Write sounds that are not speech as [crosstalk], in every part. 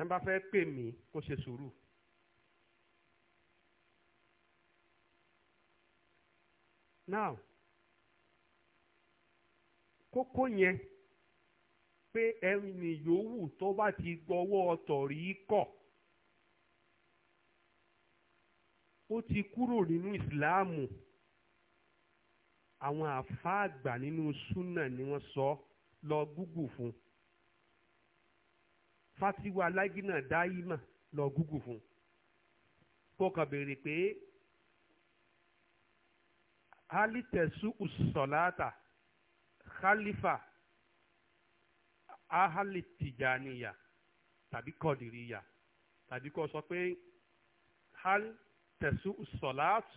ẹ bá fẹ́ pè mí kó ṣe sùúrù. now kókó yẹn pé ẹni yòówù tó bá ti gbọ́wọ́ ọ̀tọ̀ rí kọ̀ ó ti kúrò nínú ìsìláàmù àwọn àfáà nínú súnà ni wọ́n sọ lọ gúgù fún un fatiwa alágínà dáímà lọ gúgù fún kó kàn béèrè pé halitẹ̀sù usọ̀láta khalifa ahalitijaniya tàbí kọdìríya tàbí kó sọ pé halitẹ̀sù usọ̀láta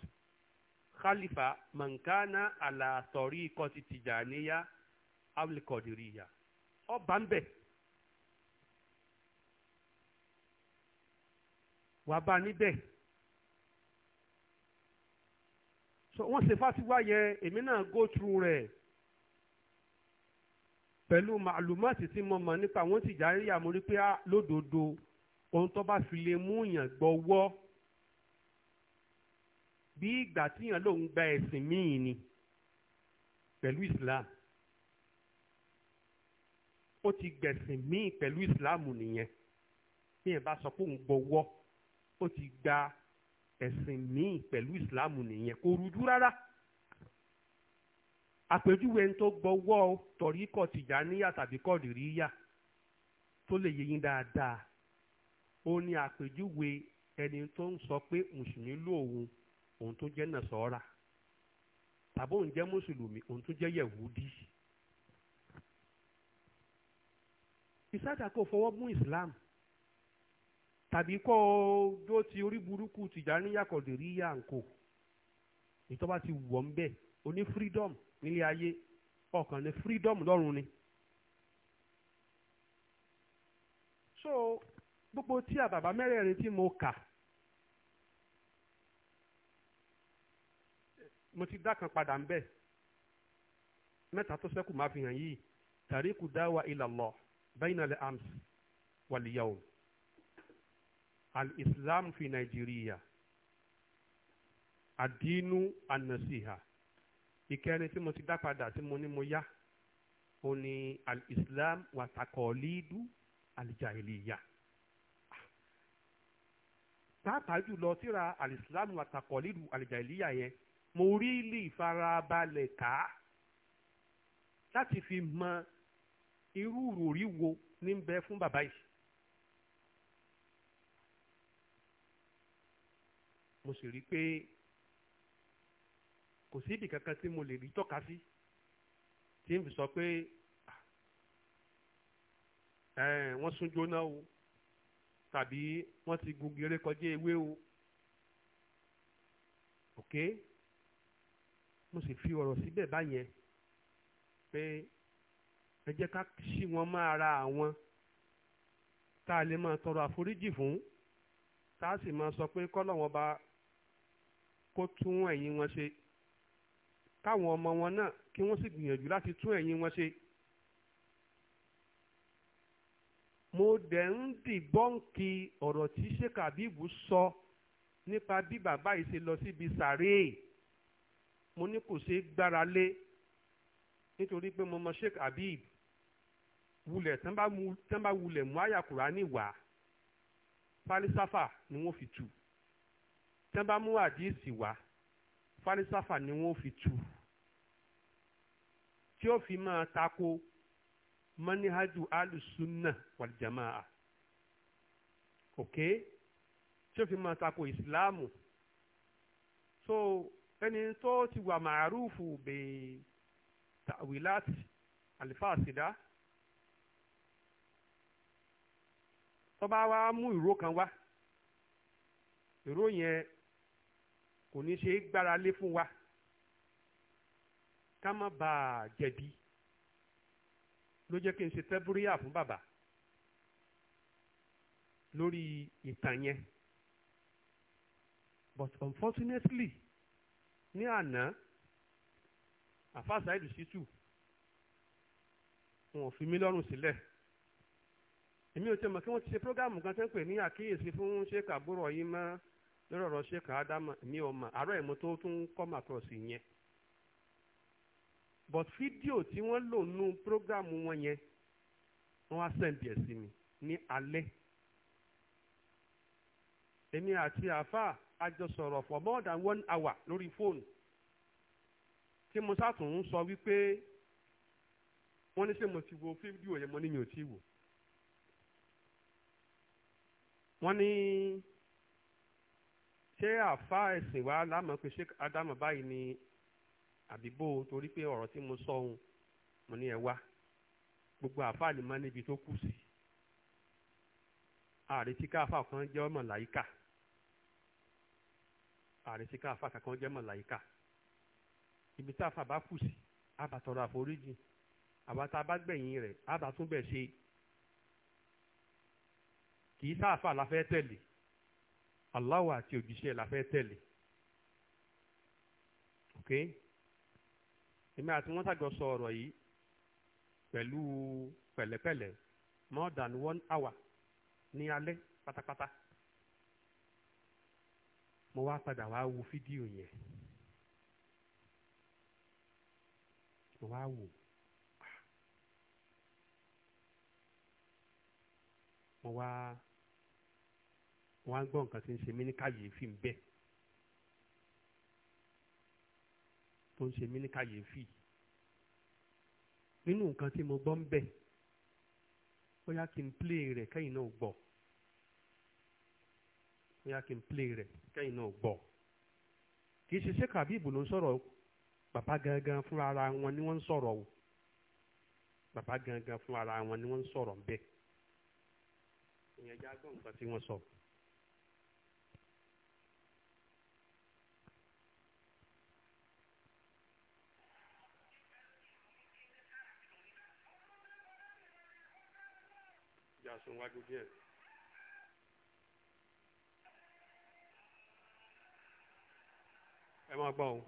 khalifa mankana alatọ̀rí kọtìtìjaniya awlikọdìríya ọba ń bẹ̀. wà bá níbẹ̀ so wọ́n ṣe fásiwá yẹ èmi náà go through rẹ̀ pẹ̀lú màlúmọ́ọ̀tì tí mo mọ̀ nípa àwọn Tìjàníyà àmúrí pé ah, lódodo ohun tó bá fi lè mú yàn gbọ́wọ́ bí ìgbà tíyàn ló ń gba ẹ̀sìn míì ni pẹ̀lú Islam ó ti gbẹ̀sìn míì pẹ̀lú Islam nìyẹn bí yẹn bá sọ pé òun gbọ́wọ́ ó ti gba ẹ̀sìn míì pẹ̀lú ìsìláàmù nìyẹn kò rújú rárá àpèjúwe ẹni tó gbọ́wọ́ tọ̀ríkọ̀ tìjàníyà tàbí kọ̀dìríyà tó lè yé yín dáadáa ó ní àpèjúwe ẹni tó ń sọ pé mùsùlùmí lòun òun tó jẹ́ nàṣọ́ra tàbí òun jẹ́ mùsùlùmí òun tó jẹ́ yẹ̀wúdí. ìsáàdà kò fọwọ́ mú islam tàbí kó o dó ti orí burúkú tìjàníyà kọ̀dìríyà ńkò ìtọ́ba ti wọ̀ ń bẹ̀ o ní freedom nílé ayé ọkàn ní freedom lọ́run ni. so gbogbo tí a bàbá mẹ́rẹ̀ẹ̀rin tí mo kà mo ti dá kan padà ń bẹ̀ mẹ́ta tó sẹ́kù máa fi hàn yìí tàríkù dáwà ilallah bainal ams wal yawm al-islam fi Nigeria, àdínú ànàsíhà ìkẹrin tí mo ti dá padà tí mo ní mo yá o ní al-islam wàtàkọ̀ọ́lídú al-jahiliya pàápàá jùlọ síra al-islam wàtàkọ̀ọ́lídú al-jahiliya yẹn mo rí lè farabalẹ̀ ká láti fi mọ irú ròrí wo ní bẹ fún bàbá yìí mo sì rí i pé kò sí ibì kankan tí mo lè rí tọ́ka sí tí n fi sọ pé ah, eh, wọ́n sún jóná o tàbí wọ́n ti gun gèrè kọjá ewé o ok mo sì fi ọ̀rọ̀ síbẹ̀ báyẹn pé ẹ jẹ́ ká ṣí wọn máa ra àwọn tá a lè máa tọrọ àforíjì fún tá a sì máa sọ pé kọ́lọ́wọ́n bá kó tún ẹ̀yìn wọn ṣe káwọn ọmọ wọn náà kí wọ́n sì gbìyànjú láti tún ẹ̀yìn wọn ṣe. mo dẹ̀ ń dìbọ́ǹkì ọ̀rọ̀ tí sheikh habibu sọ nípa bí bàbá yìí ṣe lọ síbi sàréè mo ní kò ṣeé gbára lé nítorí pé mo mọ sheikh habib wulẹ̀ tán bá wulẹ̀ mú àyà kùránì wá ni wọ́n fi tù tí wọ́n bá mú àdíìsì wá fálisáfà ni wọ́n fi tú tí ó fi máa tako manihaju alusunna wàlìjàmáà ok tí ó fi máa tako ìsìláàmù so ẹni tó ti wà màrúfù bẹ́ẹ̀ tàwílátì àlìfáàsídá tó wa wá mú ìró kan wá ìró yẹn kò ní ṣe é gbára lé fún wa ká má bàa jẹ̀bi ló jẹ́ kí n ṣe tẹ́búríyà fún bàbá lórí ìtàn yẹn but unfortunately ní àná àfáàsáìdù ṣítù wọn ò fi mí lọ́rùn sílẹ̀ èmi ò tẹ́ mọ̀ kí wọ́n ti ṣe prógáàmù kan tẹ́ pè ní àkíyèsí fún ṣé kàbúrò yìí máa lórí ọ̀rọ̀ sheik adama mi ò mà àárọ̀ ẹ̀mọ́ tó tún come across yẹn but fídíò tí wọ́n lò nú prógámù wọn yẹn wọ́n wá sẹ́ǹdì ẹ̀ sí mi ní alẹ́ èmi àti àáfàá a for more than one hour lórí fóònù tí mo sátún sọ wípé wọ́n ní ṣé mo ti wo fídíò yẹn mo ní mi ò tí wò wọ́n ní ṣé àfa ẹ̀sìn wa lámọ̀ pé ṣé ádámọ̀ báyìí ni àbíbò torí pé ọ̀rọ̀ tí mo sọ ohun mo ní ẹ wá gbogbo àfa lè má níbi tó kù sí àrètí káfa kan jẹ́ ọmọ làyíkà àrètí káfa kan jẹ́ ọmọ làyíkà ibi tá a bá kù sí a àforíjì àwa bá gbẹ̀yìn rẹ̀ a ṣe kì í sáà la fẹ́ tẹ̀lé. Allah àti òjíṣẹ́ la fẹ́ tẹ̀lé ok èmi àti wọn ṣàjọ sọ ọ̀rọ̀ yìí pẹ̀lú pẹ̀lẹ́pẹ̀lẹ́ more than one hour ní alẹ́ pátápátá mo wá padà wá wo fídíò yẹn mo wá wò mo wá. Wa wọ́n á gbọ́ nǹkan tí ń ṣe mí ní kàyéfì ń bẹ̀ tó ń ṣe mí ní kàyéfì nínú nǹkan tí mo gbọ́ ń bẹ̀ bóyá kí n plé rẹ̀ kẹ́yìn náà gbọ́ bóyá kí n plé rẹ̀ kẹ́yìn náà gbọ́ kì í ṣe ṣé kàbíìbù ló ń sọ̀rọ̀ bàbá gangan fúnra ara wọn ni wọ́n ń sọ̀rọ̀ o bàbá gangan fúnra ara wọn ni wọ́n ń sọ̀rọ̀ ń bẹ̀ ìyẹn jágbọ́n nǹkan tí wọ́n sọ. sùn wájú díẹ̀. ẹ máa gbọ́ òun.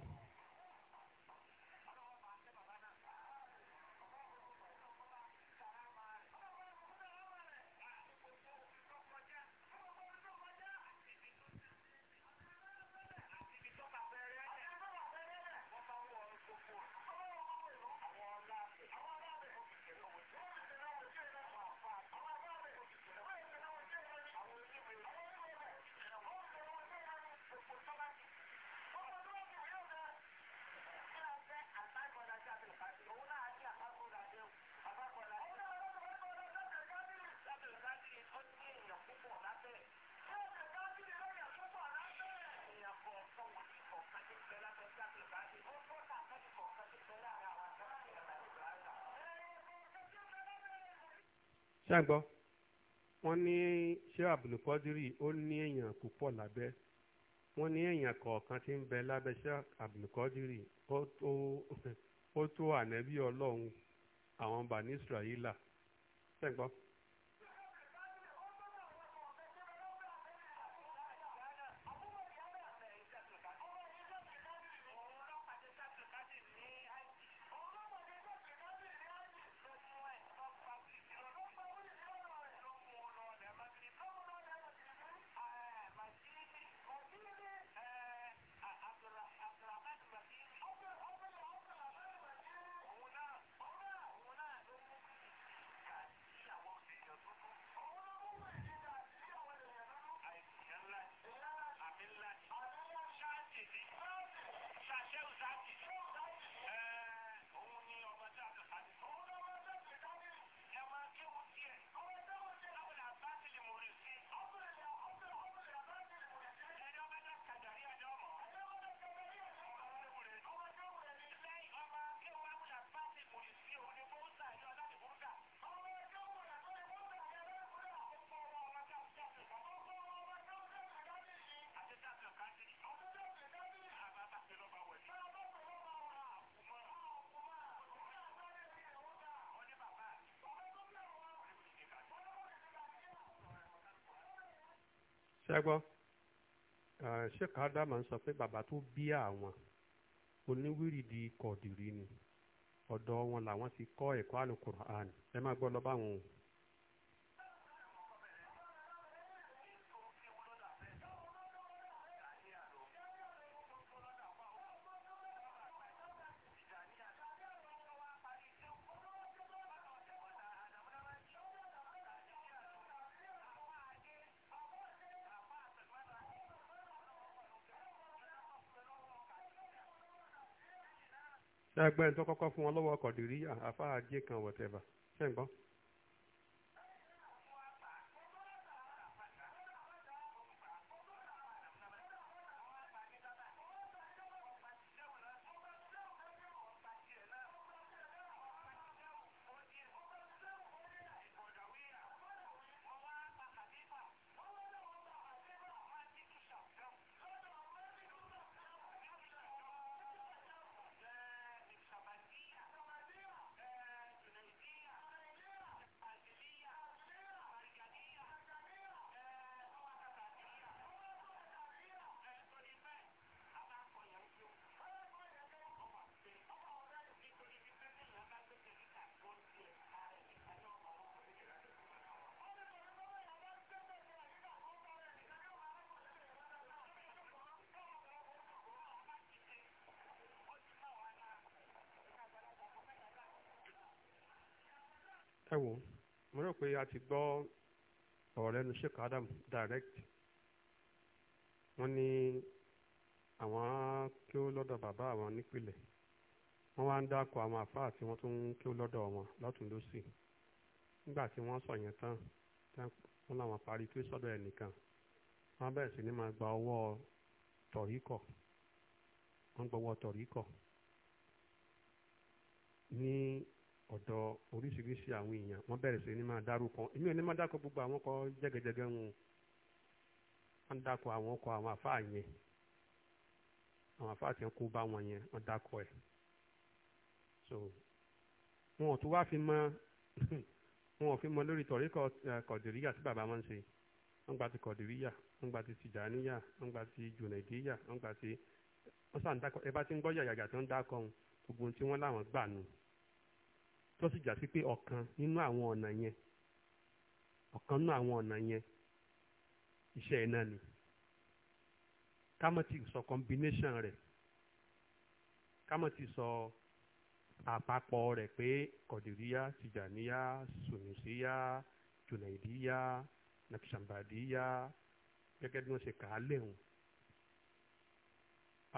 ṣé ń gbọ́ wọ́n ní ṣé abdulkadiri ó ní èèyàn púpọ̀ lábẹ́ wọ́n ní èèyàn kọ̀ọ̀kan tí ń bẹ lábẹ́ ṣé abdulkadiri ó tó ànẹ́bí ọlọ́run àwọn bani israẹla ṣé ṣẹ́gbọ́ ṣèkà ádámà ń sọ pé bàbá tó bí àwọn oníwírìdì kọ̀dìrí ni ọ̀dọ̀ wọn làwọn ti kọ́ ẹ̀kọ́ àlùkùránì ẹ máa gbọ́ ẹgbẹ́ tó kọ́kọ́ fún wọn lọ́wọ́ ọkọ̀ dìríyà àfáàjẹ kan wọ̀tẹ́bà ṣẹ́ǹgbọ́n. ẹ wò mo rò pé a ti gbọ́ ọ̀rọ̀ lẹ́nu Sheikh Adam direct wọ́n ní àwọn kí ó lọ́dọ̀ bàbá àwọn nípìnlẹ̀ wọ́n wá ń dákọ̀ àwọn àfáà tí wọ́n tún kí ó lọ́dọ̀ wọn lọ́tún lọ́sì nígbà tí wọ́n sọ yẹn tán wọ́n làwọn parí tó ó sọ́dọ̀ nìkan. wọ́n bẹ̀rẹ̀ sí ní máa gba ọwọ́ tọ̀ríkọ̀ wọ́n ọwọ́ tọ̀ríkọ̀ ní ọ̀dọ̀ oríṣiríṣi àwọn èèyàn wọ́n bẹ̀rẹ̀ sí ní máa dárúkọ èmi ò ní máa dákọ̀ gbogbo àwọn ọkọ jẹ́gẹ́jẹ́gẹ́ wọn wọ́n dákọ̀ àwọn ọkọ àwọn àfáà yẹn àwọn àfáà tí wọ́n kó bá wọn yẹn wọ́n dákọ̀ ẹ̀ so wọn ò tún wá fi mọ [laughs] wọn ò fi mọ lórí tọ̀rí eh, kọ̀dìríyà tí bàbá wọn ń ṣe wọ́n gba ti kọ̀dìríyà wọ́n gba ti tìjàníyà wọ́n gba ti jùnàìdíyà wọ́n gba ti wọ́n sàn dákọ̀ ẹ bá ti ń gbọ́ yàyàyà tí wọ́n dákọ̀ gbogbo ohun tí wọ́n láwọn gbà nù tó sì jà sí pé ọ̀kan nínú àwọn ọ̀nà yẹn ọ̀kan nínú àwọn ọ̀nà yẹn iṣẹ́ iná ni kámọ́tì sọ combination rẹ̀ kámọ́tì sọ àpapọ̀ rẹ̀ pé kọ̀dìríyá tìjàníyá sùnùsíyá jùnàìdíyá nàkìsàmbàdíyá gẹ́gẹ́ bí wọ́n ṣe kà á léhùn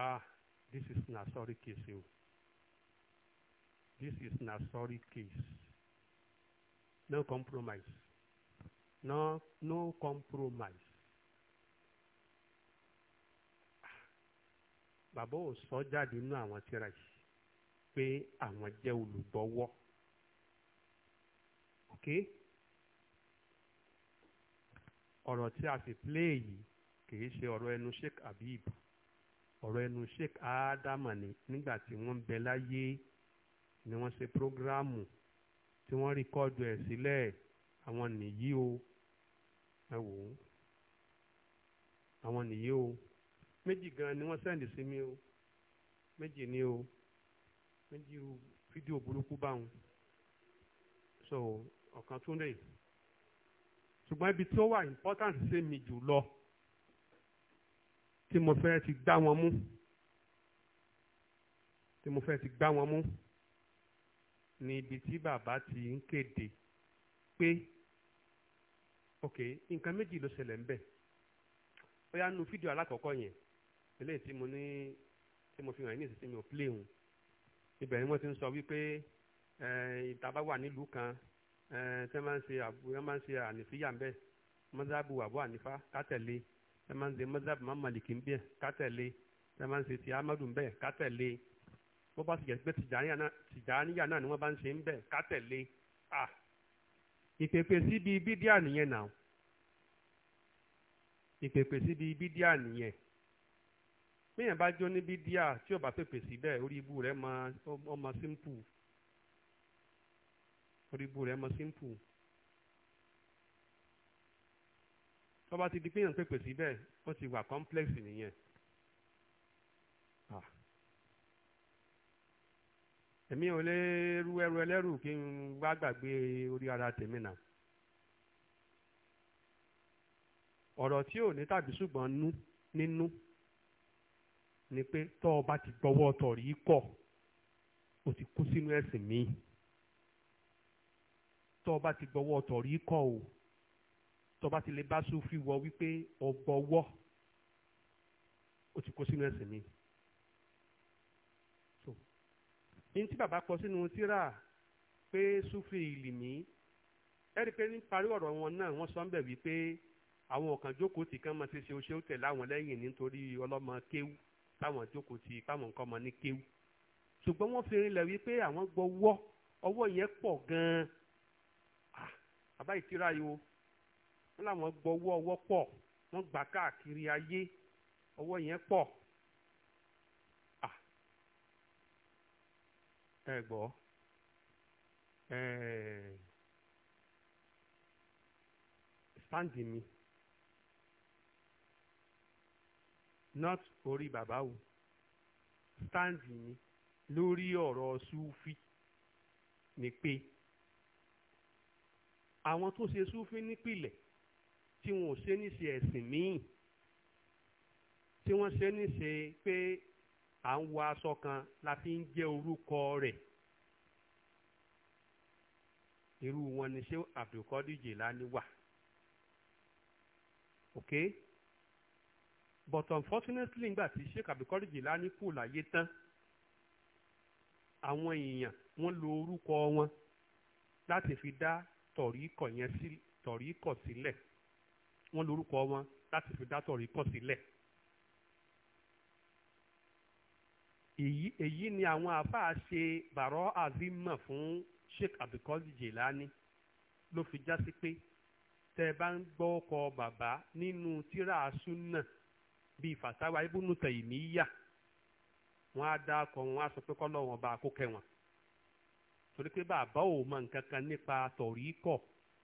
ah this is na sorry case o this is sorry case. No compromise. No, no compromise. Bàbá ò sọ jáde nínú àwọn tíra yìí pé àwọn jẹ́ olùgbọ́wọ́. Okay? ọ̀rọ̀ tí a sì play yìí kìí ṣe ọ̀rọ̀ ẹnu Sheikh Habib ọ̀rọ̀ ẹnu Sheikh Adama ni nígbà tí wọ́n bẹ láyé ni wọ́n ṣe prógráàmù tí wọ́n rìkọ́dù ẹ̀ sílẹ̀ àwọn nìyí o ẹ wò ó àwọn nìyí o méjì gan ni wọ́n sẹ́ndì sí mi o méjì ni o méjì fídíò burúkú báwọn so ọ̀kan tún lè ṣùgbọ́n ibi tí ó wà important sí mi jù lọ tí mo fẹ́ ti gbá wọn mú tí mo fẹ́ ti gbá wọn mú ní ibi tí bàbá ti ń kéde pé ok nǹkan méjì ló ṣẹlẹ̀ ńbẹ̀ ó yá nu fídíò alákọ̀ọ́kọ́ yẹn eléyìí tí mo ní tí mo fi hàn ní ìsinmi ò plé hùn ibẹ̀ ni wọ́n ti ń sọ wípé ìtaba wà nílùú kan tẹ́ máa ń ṣe àbúrò máa ń ṣe ànífíyà ńbẹ̀ mọ́sáàbù àbọ̀ ànífá kátẹ̀lé tẹ́ máa ń ṣe mọ́sáàbù máa ńbẹ̀ kátẹ̀lé tẹ́ máa ń ṣe ti amadu ńbẹ̀ kátẹ̀lé bó bá ti jẹ́ pé tìjàníyà náà ni wọ́n bá ń ṣe ń bẹ̀ ká tẹ̀lé à ìpèpè síbi bídíà nìyẹn náà ìpèpè síbi bídíà nìyẹn bíyàn bá jó ní bídíà tí ò bá pèpè síbẹ̀ orí ibú rẹ̀ ọmọ simple orí ibú rẹ̀ ọmọ simple tó bá ti di pé èèyàn pèpè síbẹ̀ ó ti wà complex nìyẹn. èmi ò lè ru ẹrù ẹlẹ́rù kí n bá gbàgbé orí ara tèmi náà ọ̀rọ̀ tí ò ní tàbí ṣùgbọ́n nú nínú ni pé tọ́ ọ bá ti gbọ́wọ́ tọ̀ rí kọ̀ o ti kú sínú ẹ̀sìn míì tọ́ ọ bá ti gbọ́wọ́ tọ̀ rí kọ̀ o tọ́ ọ bá ti lè bá sùn fi wọ wípé ọ gbọ́wọ́ o ti kú sínú ẹ̀sìn míì. ní tí bàbá kọ sínú tírà pé sufi ìlìmí ẹ̀rí pé ní parí ọ̀rọ̀ wọn náà wọ́n sọ ń bẹ̀ wípé àwọn kan jókòó tì kán máa ṣe ṣe oṣù tẹ̀ láwọn lẹ́yìn nítorí ọlọ́mọ kéwú táwọn jókòó tì káwọn nǹkan ọmọ ní kéwú ṣùgbọ́n wọ́n fi rinlẹ̀ wípé àwọn gbọ́wọ́ ọwọ́ yẹn pọ̀ gan-an àbá ìtira yìí o wọ́n làwọn gbọ́wọ́ ọwọ́ pọ̀ wọ́n gbà káàkiri ayé ọwọ́ yẹn pọ̀ ẹ gbọ́ stand mi not orí bàbá wù stand mi lórí ọ̀rọ̀ sufi ni pé àwọn tó ṣe sufi nípìlẹ̀ tí wọn ò ṣe níṣe ẹ̀sìn míì tí wọ́n ṣe níṣe pé à ń wọ aṣọ kan la fi ń jẹ́ orúkọ rẹ̀ irú wọn ni ṣé Abdulkadir Jelani wà ok but unfortunately ngbà tí Sheikh Abdulkadir Jelani kù láyé tán àwọn èèyàn wọ́n lo orúkọ wọn láti fi dá tọ̀ríkọ̀ yẹn sí tọ̀ríkọ̀ sílẹ̀ wọ́n lo orúkọ wọn láti fi dá tọ̀ríkọ̀ sílẹ̀. Si èyí èyí ni àwọn àáfàá ṣe bàrọ́ àzímọ̀ fún Sheikh Abdulkadir Jelani ló fi já sí pé tẹ́ ẹ bá ń gbọ́ ọkọ bàbá nínú tírà súnà bíi fatawa ibùnú tẹ̀yìmíyà wọ́n á dá ọkọ̀ wọn á sọ pé kọ́lọ́ wọn bá kó kẹwọn torí pé bàbá ò mọ nǹkan kan nípa tọ̀ríkọ̀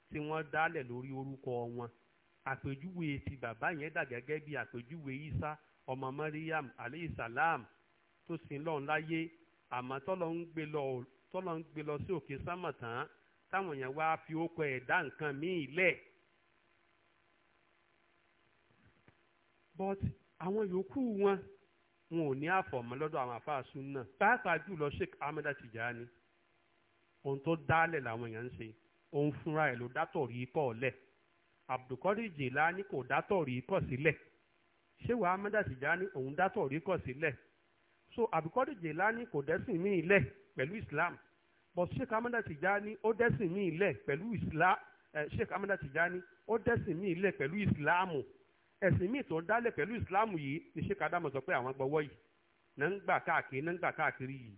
tí wọ́n dálẹ̀ lórí orúkọ wọn àpèjúwe ti bàbá yẹn dà gẹ́gẹ́ bí àpèjúwe Isa ọmọ Mariam aleyhisalam tó sin lọ́run láyé àmọ́ tọ́lọ́ ń gbé lọ tọ́lọ́ ń gbé lọ sí òkè sámọ̀ táwọn èèyàn wá fi ókọ ẹ̀dá nǹkan míì lẹ̀. but àwọn yòókù wọn wọn ò ní àfọ̀mọ́ lọ́dọ̀ àwọn àfáàsùn náà pàápàá jùlọ Sheikh Ahmada Tijani ohun tó dálẹ̀ làwọn èèyàn ń ṣe òun fúnra ẹ̀ ló dátọ̀rí ikọ̀ lẹ̀ Abdulkadir Jilani kò dátọ̀rí ikọ̀ sílẹ̀ ṣé wàá Ahmada Tijani òun dátọ̀rí ikọ̀ sílẹ̀ so àbíkọ́dé jèlání kò dẹ́sìn mí ilẹ̀ pẹ̀lú islam but sheikh amanda tijani ó dẹ́sìn mí ilẹ̀ pẹ̀lú islam eh, sheikh amanda tijani ó dẹ́sìn mí ilẹ̀ pẹ̀lú islamu ẹ̀sìn míì tó ń dálẹ̀ pẹ̀lú islamu yìí ni sheikh adamu sọ pé àwọn gbọ́wọ́ yìí náà ń gbà káàkiri náà ń gbà káàkiri yìí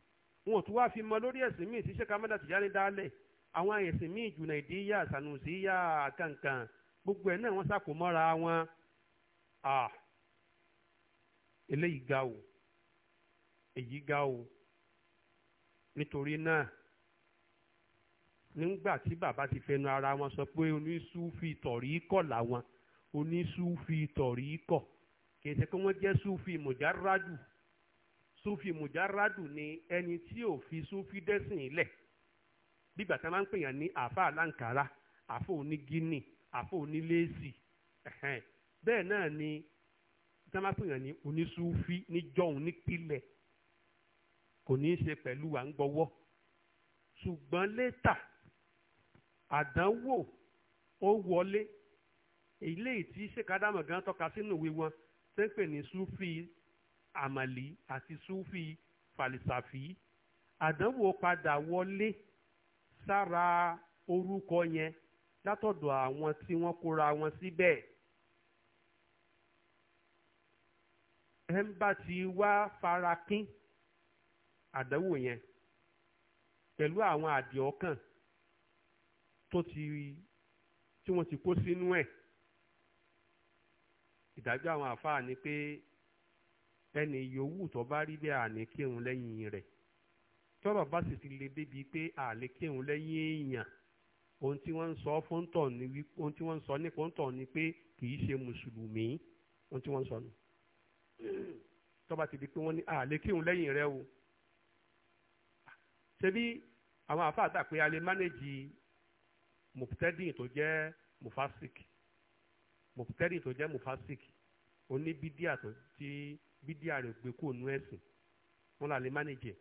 wọn tún wá fi mọ lórí ẹ̀sìn míì tí sheikh amanda tijani dálẹ̀ àwọn ẹ̀sìn míì jùnà ìdíyà sanusiya kankan gbogbo ẹ̀ náà wọ́n sàkómọ́ra wọn ah, eléyìí ga o èyí ga o nítorí náà nígbà tí bàbá ti fẹnu ara wọn sọ pé onísùfì tọ̀rí kọ̀ làwọn onísùfì tọ̀rí kọ̀ kì ṣe pé wọ́n jẹ́ sùfì mùjárádù sùfì mùjárádù ni ẹni tí ò fi sùfì dẹ́sìn ilẹ̀ bígbà tá a máa ń pèèyàn ní àfa àlàǹkárá àfọ òní gíní àfọ òní léèsì bẹ́ẹ̀ náà ni tá a máa pèèyàn ní onísùfì níjọ́un nípìlẹ̀ kò ní í ṣe pẹ̀lú à ń gbọ́wọ́ ṣùgbọ́n létà àdánwò ó wọlé eléyìí tí ṣèkádàmọ̀ gan tọ́ka sínú ìwé wọn ṣe ń pè ní sufi amali àti sufi falisafi àdánwò padà wọlé sára orúkọ yẹn látọ̀dọ̀ àwọn tí wọ́n kóra wọn síbẹ̀. ẹ̀ ń bá ti wá farakín àdánwò yẹn pẹ̀lú àwọn àdì ọkàn tó ti tí wọ́n ti kó sínú ẹ̀ ìdájọ́ àwọn àfáà ni pé ẹni yòówù tó bá rí bẹ́ẹ̀ àní kírun lẹ́yìn rẹ̀ tọ́rọ̀ bá sì ti le débi pé àlè kírun lẹ́yìn èèyàn ohun tí wọ́n ń sọ fún tọ̀ ni ohun tí wọ́n ń sọ nípa tọ̀ ni pé kì ṣe mùsùlùmí ohun tí wọ́n ń sọ nù tó ti di pé wọ́n ní àlè lẹ́yìn rẹ̀ o ṣebí àwọn àfa àgbà pé a lè mánéjì mùpútẹ́dì tó jẹ́ mufasik mùpútẹ́dì tó jẹ́ mufasik oní bídíà tó ti bídíà rẹ̀ gbé kó nu ẹ̀sìn wọn là lè mánéjì ẹ̀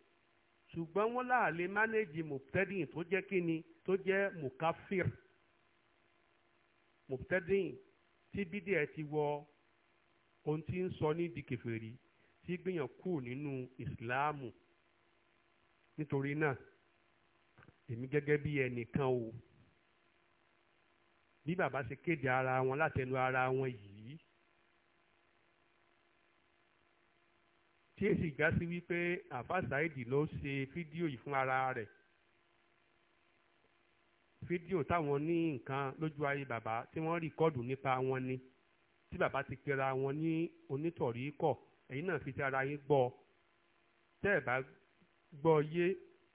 ṣùgbọ́n wọn là lè mánéjì mùpútẹ́dì tó jẹ́ kíni tó jẹ́ mukafir mùpútẹ́dì tí bídíà ti wọ ohun tí ń sọ ní di tí gbìyànjú kù nínú ìsìláàmù nítorí náà èmi gẹ́gẹ́ bí ẹnìkan o bí bàbá ṣe kéde ara wọn látẹnu ara wọn yìí tí èsì gá sí wípé àfa Saidi ló ṣe fídíò yìí fún ara rẹ̀ fídíò táwọn ní nǹkan lójú ayé bàbá tí wọ́n rìkọ́ọ̀dù nípa wọn ni tí bàbá ti pera wọn ní onítọ̀rí kọ̀ ẹ̀yin náà fi ti ara yín gbọ́ tẹ́ ẹ̀ bá gbọ́ yé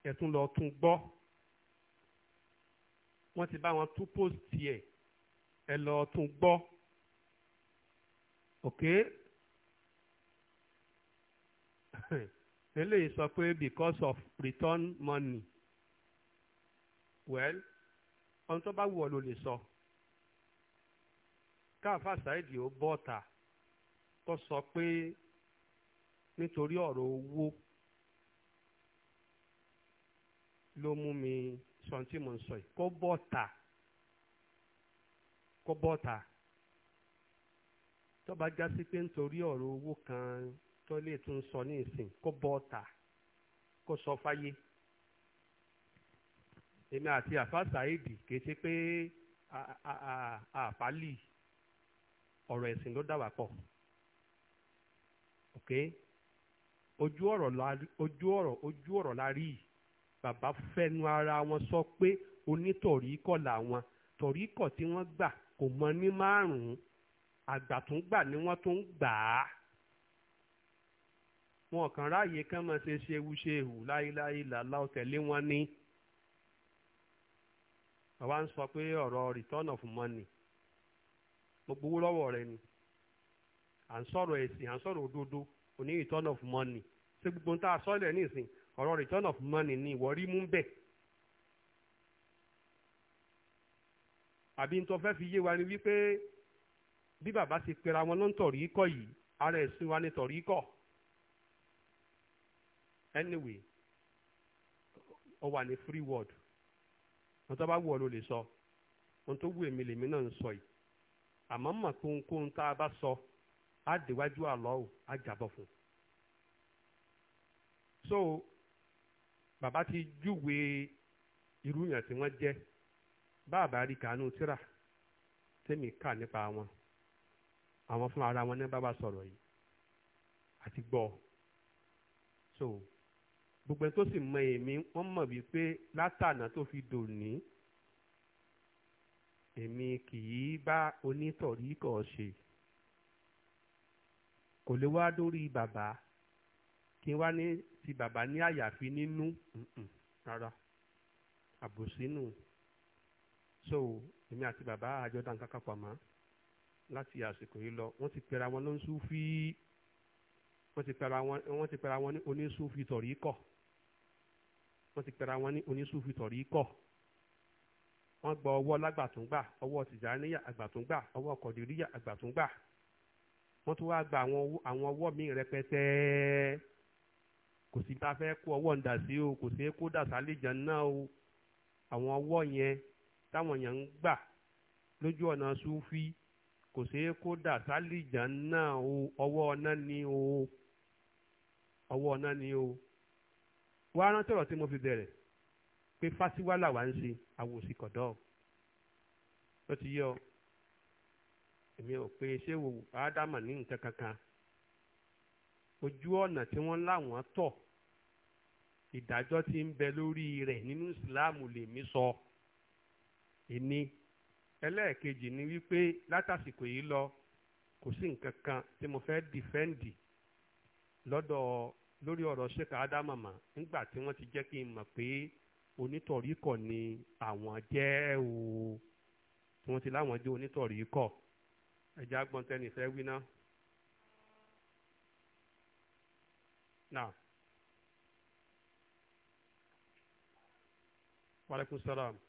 ẹ̀tún lọ tún gbọ́ wọ́n ti bá wọn tún pósìtì ẹ̀ ẹ̀ lọ tún gbọ́ òkè [laughs] eléyìí sọ pé because of return money well ohun tó bá wù ọ́ ló lè sọ káfá Saidi ó bọ́ ọ̀tà tó sọ pé nítorí ọ̀rọ̀ owó. ló mú mi sọ tí mo ń sọ yìí kó bọ́ ta kó bọ́ ta tó bá já sí pé nítorí ọ̀rọ̀ owó kan tó lè tún sọ ní ìsìn kó bọ́ ta kó sọ fáyé èmi àti àfa Saidi kìí ṣe pé àpálì ọ̀rọ̀ ẹ̀sìn ló dà pọ̀ ok ojú ọ̀rọ̀ la ojú ọ̀rọ̀ la rí bàbá fẹnu ara wọn sọ pé onítọ̀ríkọ̀ làwọn tọ̀ríkọ̀ tí wọ́n gbà kò mọ ní márùn-ún àgbà tó ń gbà ni wọ́n tó ń gbà á wọn kàn ráàyè kán máa ṣe ṣewu ṣehu láéláé làlá ọ̀tẹ̀lé wọn ní. bàbá ń sọ pé ọ̀rọ̀ return of money mo gbowó lọ́wọ́ rẹ ni à ń sọ̀rọ̀ ẹ̀sìn à ń sọ̀rọ̀ òdodo òní return of money ṣé gbogbo ń tá a sọ́ọ̀lẹ̀ nísìn ọ̀rọ̀ return of money ni ìwọ rí mú bẹ́ẹ̀. àbí nítorí fẹ́ fi yé wa ni wípé bí bàbá ti pera wọn ló ń tọ̀rí kọ́ yìí ara ẹ̀sìn wa ni tọ̀rí kọ́ anyway ọ wà ní free word wọn tó bá wù ọ ló lè sọ wọn tó wù èmi lèmi náà ń sọ yìí àmọ́ mọ̀ kóńkóń tá a bá sọ á déwájú àlọ́ ò á jábọ̀ fún so bàbá ti júwe irú yàn tí wọ́n jẹ́ bàbá rí kanú tíra tẹ́mi kà nípa wọn àwọn fún ara wọn ní bàbá sọ̀rọ̀ yìí àti gbọ́ so gbogbo ẹni tó sì mọ èmi wọ́n mọ̀ wípé látànà tó fi dòní èmi kì í bá onítọ̀rí kọ̀ ṣe kò lè wá dórí bàbá kí n wá ní ti bàbá ní àyàfi nínú rárá àbòsínú so èmi àti bàbá àjọdá nǹkan kan pàmò láti àsìkò yìí lọ wọ́n ti pera wọn lóńsú fí wọ́n ti pera wọn wọ́n ti pera wọn ní onísúfì tọ̀rí kọ̀ wọ́n ti pera wọn ní onísúfì tọ̀rí kọ̀ wọ́n gba ọwọ́ lágbàtúngbà ọwọ́ tìjàníyà àgbàtúngbà ọwọ́ kọ̀dìríyà àgbàtúngbà wọ́n tún wá gba àwọn ọwọ́ míì rẹpẹtẹ kò sí bá fẹ́ kó ọwọ́ ń dà sí o kò sí kó dà sálẹ̀jà náà o àwọn ọwọ́ yẹn táwọn èèyàn ń gbà lójú ọ̀nà súfì kò sí kó dà sálẹ̀jà náà o ọwọ́ ọ̀nà ni o ọwọ́ ọ̀nà ni o wá rántí ọ̀rọ̀ tí mo fi bẹ̀rẹ̀ pé fásiwá làwa ń ṣe àwòsí kọ̀dọ̀ ó ti yọ èmi ò pé ṣé wo ádámà ní nǹkan kankan ojú ọ̀nà tí wọ́n láwọn tọ̀ ìdájọ́ tí ń bẹ lórí rẹ̀ nínú ìsìláàmù lèmi sọ èmi ẹlẹ́ẹ̀kejì ni wípé látàsìkò yìí lọ kò sí nǹkan kan tí mo fẹ́ dìfẹ́ǹdì lọ́dọ̀ lórí ọ̀rọ̀ ṣèkà ádámàmà nígbà tí wọ́n ti jẹ́ kí n mọ̀ pé onítọ̀ríkọ̀ ni àwọn jẹ́ o tí wọ́n ti láwọn jẹ́ onítọ̀ríkọ̀ ẹ̀já gbọ́n tẹ́nifẹ́ wí náà. Wa alaikum salaam.